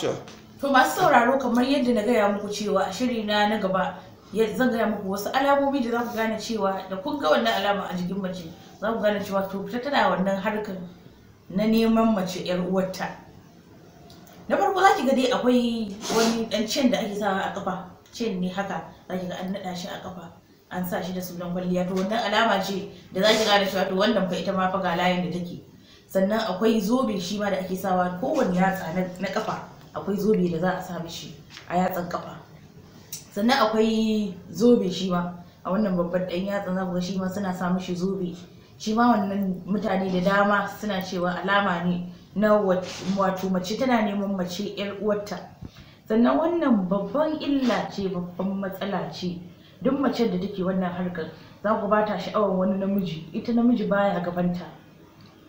To masu sauraro kamar yadda na gaya muku cewa a shiri na na gaba zan gaya muku wasu alamomi da za ku gane cewa da kun ga wannan alama a jikin mace za ku gane cewa to fita tana wannan harkar na neman mace yar uwarta. Na farko za ki ga dai akwai wani dan cin da ake sawa a kafa cin ne haka za ki ga an naɗa shi a kafa an sa shi da sunan kwalliya to wannan alama ce da za ki gane cewa to wannan fa ita ma fa ga layin da take sannan akwai zobe shi ma da ake sawa kowane yatsa na kafa akwai zobe da za a sa mishi a yatsan kafa sannan akwai zobe shi ma a wannan babban ɗan yatsa, za ku ga shi ma suna sa mishi zobe shi ma wannan mutane da dama suna cewa alama ne na wato mace tana neman mace yar uwarta sannan wannan babban illa ce babban matsala ce duk mace da take wannan harkar za ku ba ta sha'awar wani namiji ita namiji baya gabanta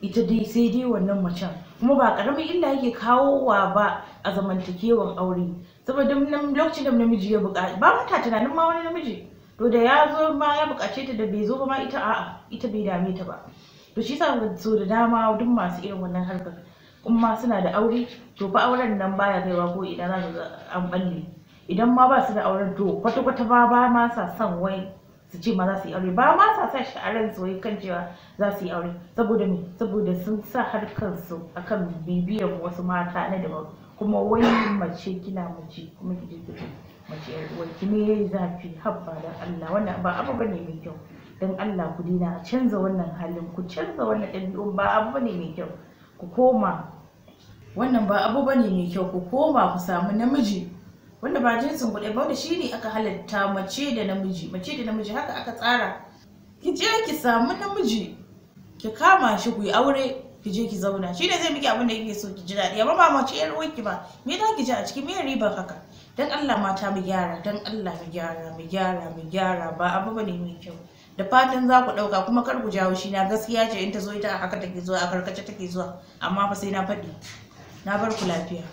ita dai sai dai wannan macen kuma ba karamin illa yake kawo wa ba a zamantakewan aure saboda lokacin da namiji ya buƙaci ba mata tunanin ma wani namiji to da ya zo ma ya buƙace ta da bai zo ba ma ita a'a ita bai dame ta ba to shi yasa so da dama duk masu irin wannan harkar Kuma ma suna da aure to fa auren nan baya kaiwa ko idan za an balle idan ma ba su da auren to kwata-kwata ba ba ma sa son wai su ce ma za su yi aure ba ma sa sa shi a ran soyayya kan cewa za su yi aure saboda me saboda sun sa harkar su akan bibiyar wasu mata na da kuma wai mace kina mace kuma ki je mace yar ki ne yayi zafi habba da Allah wannan ba abu bane mai kyau dan Allah ku dina a canza wannan halin ku canza wannan ɗabi'un ba abu bane mai kyau ku koma wannan ba abu bane mai kyau ku koma ku samu namiji wanda ba jinsin guda ba wanda ne aka halatta mace da namiji mace da namiji haka aka tsara ki je ki samu namiji ki kama shi ku yi aure ki je ki zauna shi ne zai miki abin da kike so ki ji daɗi amma ba mace yar uwarki ba me da ki ji a ciki me riba haka dan Allah mata mu gyara dan Allah mu gyara mu gyara mu gyara ba abu bane mai kyau da fatan za ku ɗauka kuma kar ku jawo shi na gaskiya ce in ta zo ita a haka take zuwa a karkace take zuwa amma fa sai na faɗi na bar ku lafiya